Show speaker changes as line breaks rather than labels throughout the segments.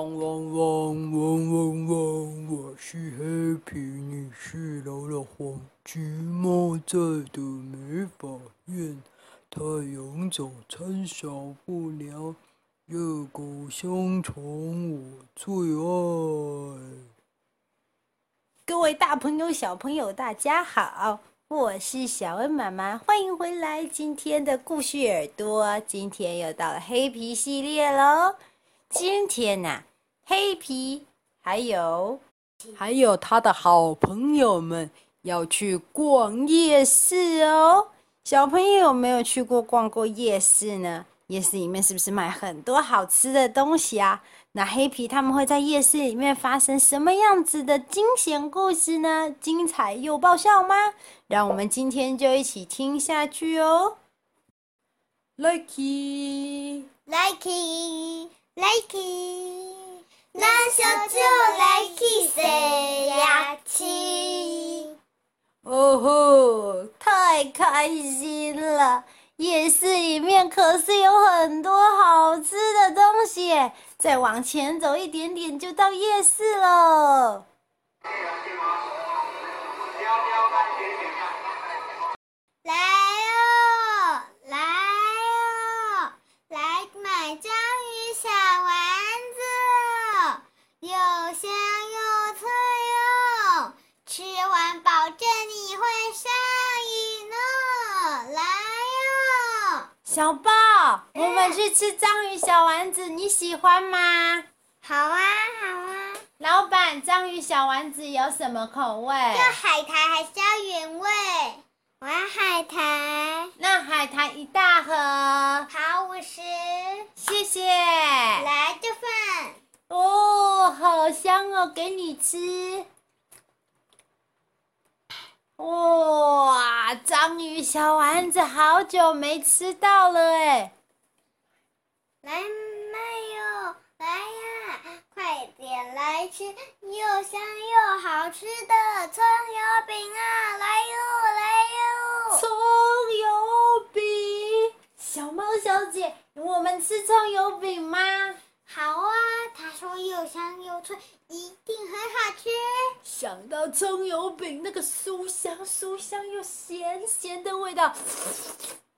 汪汪汪汪汪，我是黑皮，你是，老了黃。橘貓在的美法院，太陽早餐少不了熱狗香腸，我最愛。各位大朋友、小朋友，大家好，我是小恩媽媽，歡迎回來。今天的故事耳朵，今天又到了黑皮系列嘍。今天呢、啊？黑皮還有還有他的好朋友們要去逛夜市哦，小朋友有沒有去過逛過夜市呢？夜市裡面是不是賣很多好吃的東西啊？那黑皮他們會在夜市裡面發生什麼樣子的驚險故事呢？精彩又爆笑嗎？讓我們今天就一起聽下去哦。Lucky，Lucky，Lucky。拿小酒來去散呀去，哦吼，太開心了！夜市裡面可是有很多好吃的東西，再往前走一點點就到夜市
了。來。
小豹，我們去吃章魚小丸子，你喜歡嗎？好啊，好啊。老闆，章魚小丸子有什麼口味？要海苔，還是要原味？我要海苔。那海苔一大盒。好，五
十。
謝謝。來，這份。哦，好香哦，給你吃。哇，章魚小丸子好久沒吃到了哎、
欸！來賣喲，來呀，快點來吃又香又好吃的蔥油餅啊！來喲，來喲！蔥油餅，小貓小姐，我們吃蔥油餅嗎？好啊，他說又香又脆，
一定很好吃。想到蔥油餅那個酥香酥香又鹹鹹的味道，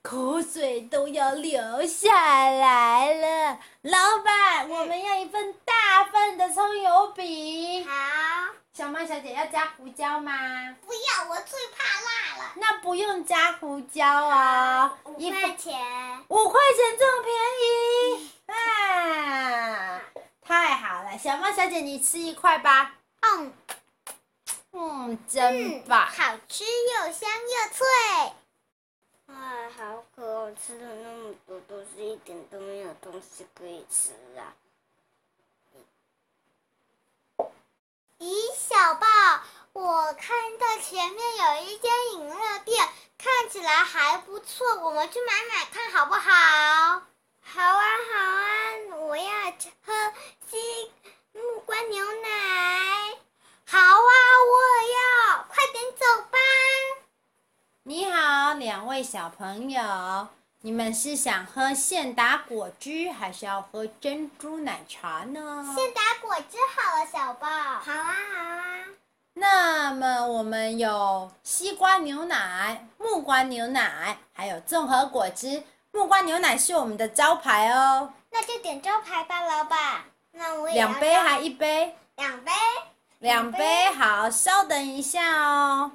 口水都要流下來了。老闆，嗯、我們要一份大份的蔥油餅。好。小曼小姐要加胡椒嗎？不要，我最怕辣了。那不用加胡椒、哦、啊。五塊錢一。五塊錢這麼便宜？嗯啊，太好了，小貓小姐，你吃一塊吧。嗯，嗯，真棒。嗯，好吃，又
香又脆。啊，好渴，我吃了那麼多東西，都是一點都沒有東西可以吃啊。嗯、咦，小豹，我看到前面有一間飲料店，看起來還不錯，我們去買買看好不好？好
啊好啊，我要喝西木瓜牛奶。好啊，我要，快點走吧。你好，兩位小朋友，你們是想喝現打果汁，還是要喝珍珠奶茶呢？現打果汁好了，小寶。好啊好啊。好啊，那麼我們有西瓜牛奶、木瓜牛奶，還有綜合果汁。木瓜牛奶是我們的招牌哦，那就點招牌吧，老闆。那
我兩杯還一杯？兩杯，
兩杯好，稍等一下哦。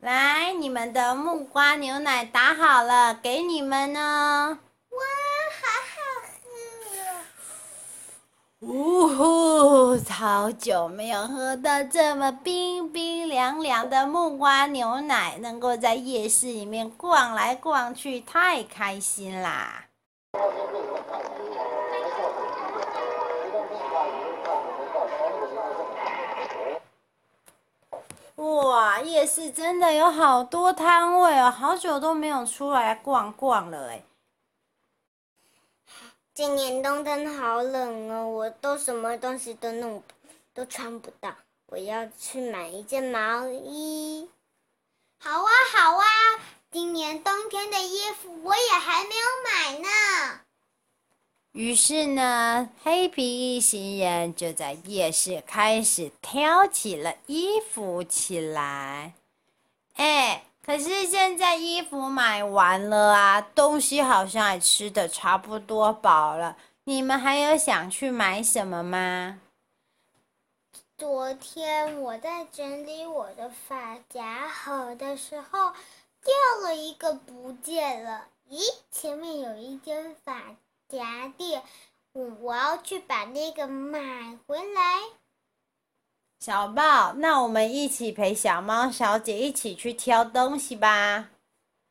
來，你們的木瓜牛奶打好了，給你們哦。嗚呼！好久沒有喝到這麼冰冰涼涼的木瓜牛奶，能夠在夜市裡面逛來逛去，太開心啦！哇，夜市真的有好多攤位哦，好久都沒有出來逛逛了哎、欸。
今年冬天好冷哦，我都什麼東西都弄都穿不到，我要去買一件毛衣。好啊，好啊，今年冬天的衣服我也還沒有買呢。
於是呢，黑皮一行人就在夜市開始挑起了衣服起來。哎。可是現在衣服買完了啊，東西好像也吃的差不多飽了。你們還有想去買什麼嗎？
昨天我在整理我的髮夾盒的時候，掉了一個不見了。咦，前面有一間髮夾店，我我要去把那個買回來。
小豹，那我們一起陪小貓小姐一起去挑東西吧。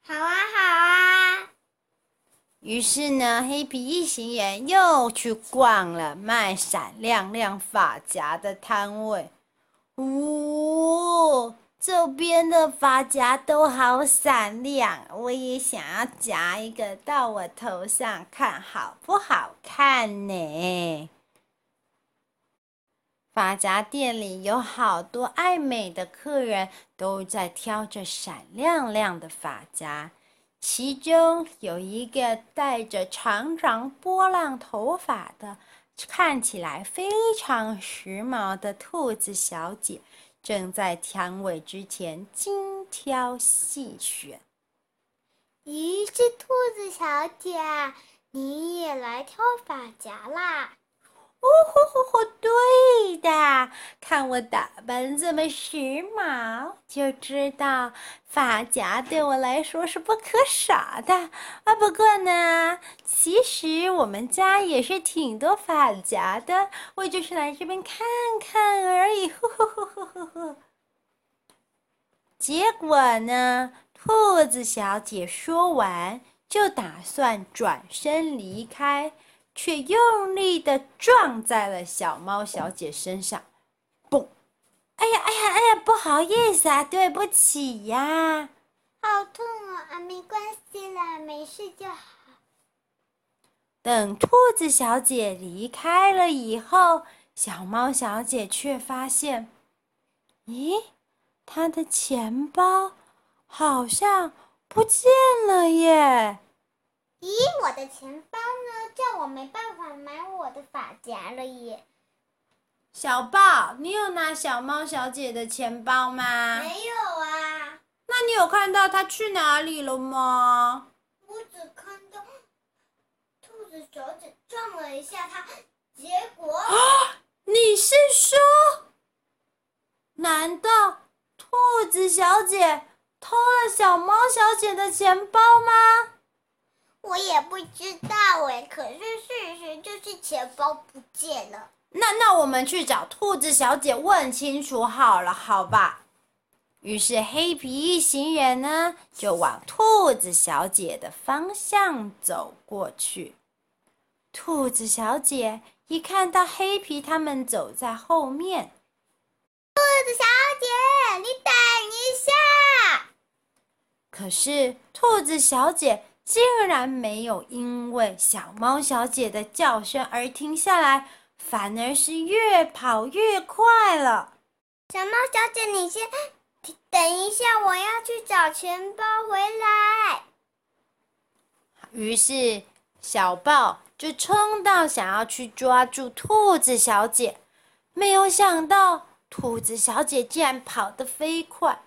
好啊，好啊。於是呢，黑皮一行人又去逛了賣閃亮亮髮夾的攤位。嗚、哦，這邊的髮夾都好閃亮，我也想要夾一個到我頭上，看好不好看呢？髮夾店裡有好多愛美的客人，都在挑着閃亮亮的髮夾。其中有一個帶着長長波浪頭髮的，看起來非常時髦的兔子小姐，正在牆尾之前精挑細選。
咦，是兔子小姐，你也來挑髮夾啦？
哦吼吼吼！對的，看我打扮這麼時髦，就知道髮夾對我來說是不可少的啊。不過呢，其實我們家也是挺多髮夾的，我就是來這邊看看而已。呵呵呵呵呵呵。結果呢，兔子小姐說完就打算轉身離開。卻用力地撞在了小貓小姐身上，嘣！哎呀，哎呀，哎呀，不好意思啊，對不起呀，
啊，好痛哦，啊！沒關係啦，沒事就好。
等兔子小姐離開了以後，小貓小姐卻發現，咦，她的錢包好像不見了耶。
咦，以我的錢包呢？叫
我沒辦法買我的髮夾了耶！小豹，你有拿小貓小姐的錢包嗎？沒有啊。那你有看到她去哪裡了嗎？我只看到兔子小
姐撞了一下她，結果、啊、
你是說，難道兔子小姐偷了小貓小姐的錢包嗎？我也不知道欸，可是
事實就是錢包不見了。
那那我們去找兔子小姐問清楚好了，好吧？於是黑皮一行人呢就往兔子小姐的方向走過去。兔子小姐一看到黑皮他們走在後面，兔子小姐，你等一下。可是兔子小姐。竟然沒有因為小貓小姐的叫聲而停下來，反而是越跑越快了。
小貓小姐，你先等
一下，我要去找錢
包回來。
於是小豹就衝到想要去抓住兔子小姐，沒有想到兔子小姐竟然跑得飛快。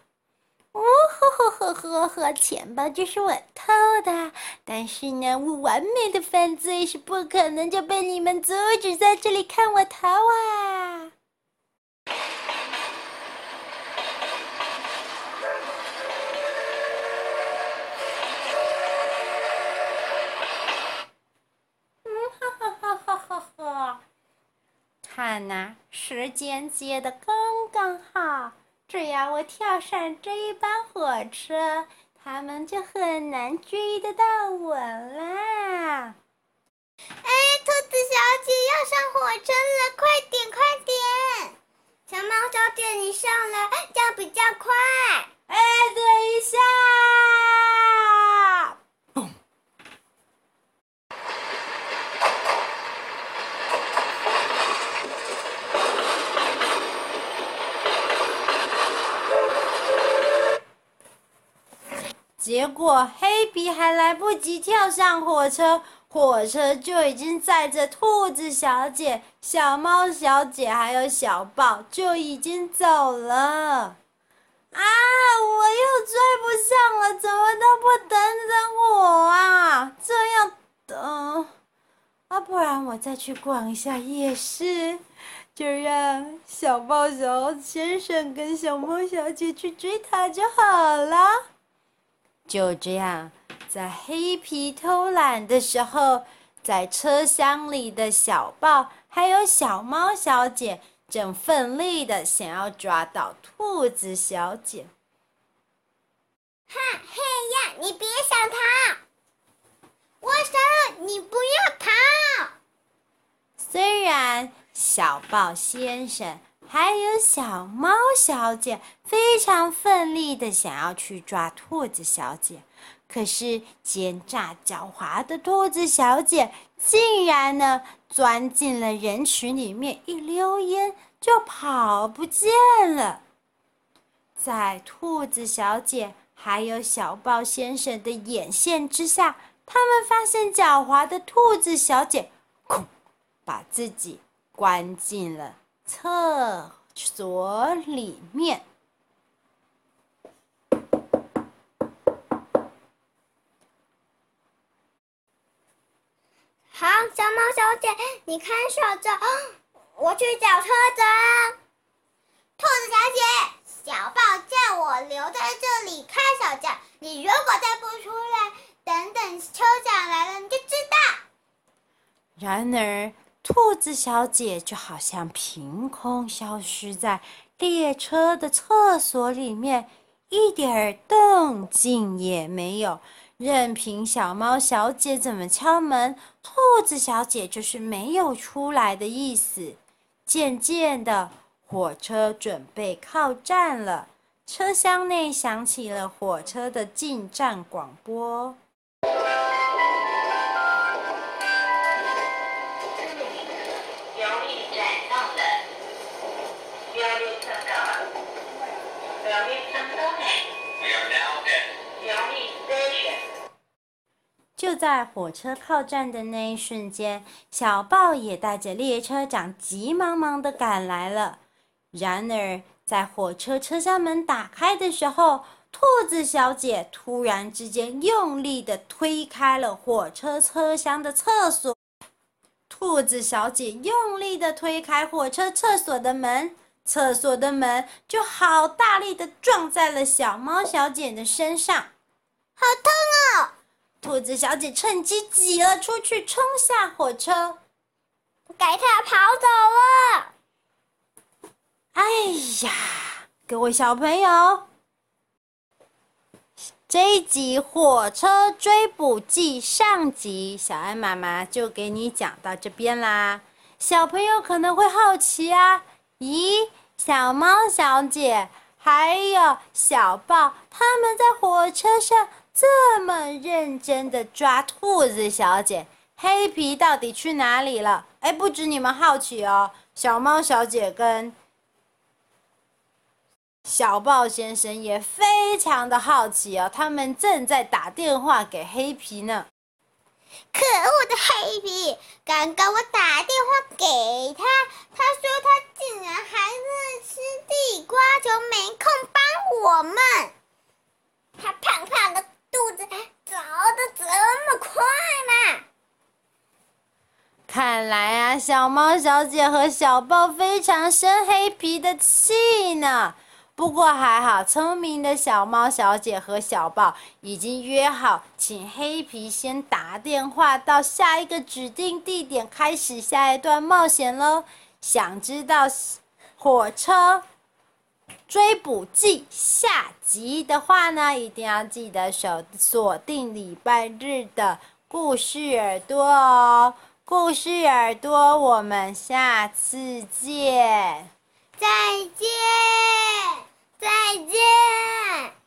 嗚呵、哦、呵呵呵呵，錢包就是我偷的，但是呢，我完美的犯罪是不可能就被你們阻止，在這裡，看我逃啊！嗚哈哈哈哈哈哈，看吶、啊，時間接的剛剛好。只要我跳上這一班火車，他們就很難追得到我啦！
哎，兔子小姐要上火車了，快點，快點！小貓小姐，你上來，這樣比較快。
我黑皮還來不及跳上火車，火車就已經載着兔子小姐、小貓小姐還有小豹就已經走了。啊！我又追不上了，怎麼都不等等我啊？這樣等、呃、啊，不然我再去逛一下夜市，就讓小豹熊先生跟小貓小姐去追他就好了。就這樣，在黑皮偷懶的時候，在車廂裡的小豹還有小貓小姐正奮力的想要抓到兔子小姐。
哈，黑呀，你別想逃！我說你不要逃。
雖然小豹先生。還有小貓小姐非常奮力地想要去抓兔子小姐，可是奸詐狡猾的兔子小姐竟然呢鑽進了人群裡面一，一溜煙就跑不見了。在兔子小姐還有小豹先生的眼線之下，他們發現狡猾的兔子小姐，把自己關進了。廁所裡面。
好，小貓小姐，你看守著，我去找車子。兔子小姐，小豹叫我留在這裡看守著，你如果再不出來，等等抽獎來了你就知道。
然而。兔子小姐就好像憑空消失在列車的廁所裡面，一點兒動靜也沒有。任憑小貓小姐怎麼敲門，兔子小姐就是沒有出來的意思。漸漸的火車準備靠站了，車廂內響起了火車的進站廣播。就在火車靠站的那一瞬間，小豹也帶着列車長急忙忙地趕來了。然而，在火車車廂門打開的時候，兔子小姐突然之間用力地推開了火車車廂的廁所。兔子小姐用力地推開火車廁所的門，廁所的門就好大力地撞在了小貓小姐的身上。好痛哦！兔子小姐趁機擠了出去，衝下火車，給它跑走了。哎呀，各位小朋友，這一集《火車追捕記》上集，小安媽媽就給你講到這邊啦。小朋友可能會好奇啊，咦，小貓小姐還有小豹，他們在火車上。這麼認真的抓兔子小姐，黑皮到底去哪裡了？哎，不止你們好奇哦，小貓小姐跟小豹先生也非常的好奇哦，他們正在打電話給黑皮呢。可惡的黑皮，
剛剛我打。
小貓小姐和小豹，非常生黑皮的氣呢，不過還好，聰明的小貓小姐和小豹已經約好，請黑皮先打電話到下一個指定地點，開始下一段冒險嘍。想知道火車追捕記下集的話呢，一定要記得手鎖定禮拜日的故事耳朵哦。故事耳朵，我們下次見。
再見，再
見。